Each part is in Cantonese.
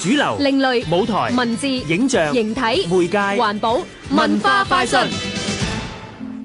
主流、另類、舞台、文字、影像、形體、媒介、環保、文化快訊。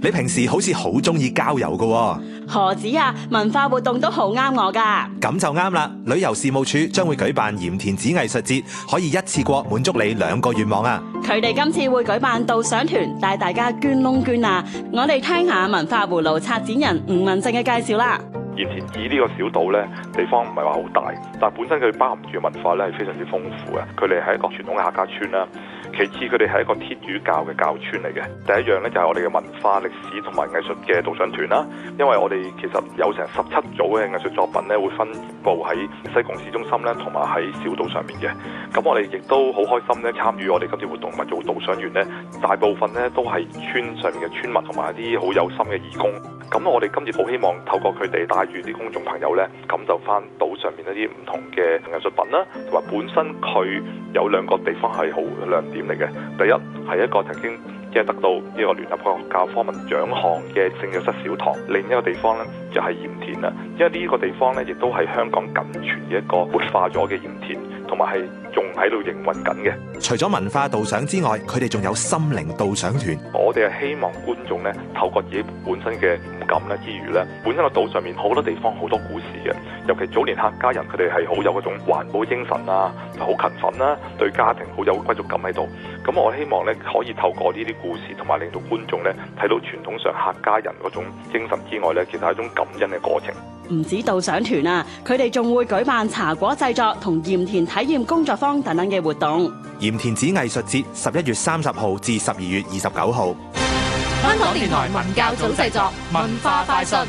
你平時好似好中意郊遊噶？何止啊，文化活動都好啱我噶。咁就啱啦，旅遊事務署將會舉辦鹽田梓藝術節，可以一次過滿足你兩個願望啊！佢哋今次會舉辦導賞團，帶大家捐窿捐罅。我哋聽下文化葫蘆策展人吳文正嘅介紹啦。以前以呢個小島咧，地方唔係話好大，但係本身佢包含住嘅文化咧係非常之豐富嘅。佢哋係一個傳統嘅客家村啦。其次佢哋係一個天主教嘅教村嚟嘅。第一樣咧就係我哋嘅文化歷史同埋藝術嘅導賞團啦。因為我哋其實有成十七組嘅藝術作品咧，會分佈喺西貢市中心咧，同埋喺小島上面嘅。咁我哋亦都好開心咧，參與我哋今次活動，同埋做導賞員咧，大部分咧都係村上面嘅村民同埋一啲好有心嘅義工。咁我哋今次好希望透過佢哋帶住啲公眾朋友呢，感受翻島上面一啲唔同嘅藝術品啦，同埋本身佢有兩個地方係好亮點嚟嘅。第一係一個曾經嘅得到呢個聯合國教科文獎項嘅聖若瑟小堂，另一個地方呢就係、係、鹽田啦。因為呢個地方呢，亦都係香港僅存嘅一個活化咗嘅鹽田。同埋係仲喺度營運緊嘅。還還，除咗文化導賞之外，佢哋仲有心靈導賞團。 我哋係希望觀眾咧透過自己本身嘅唔感咧之餘咧，本身個島上面好多地方好多故事嘅。尤其早年客家人，佢哋係好有嗰種環保精神啊，好勤奮啦、啊，對家庭好有歸屬感喺度。咁我希望咧可以透過呢啲故事，同埋令觀眾呢到觀眾咧睇到傳統上客家人嗰種精神之外咧，其實係一種感恩嘅過程。唔止導賞團啊，佢哋仲會舉辦茶果製作同鹽田體驗工作坊等等嘅活動。鹽田梓藝術節十一月三十號至十二月二十九號。香港電台文教組製作，文化快訊。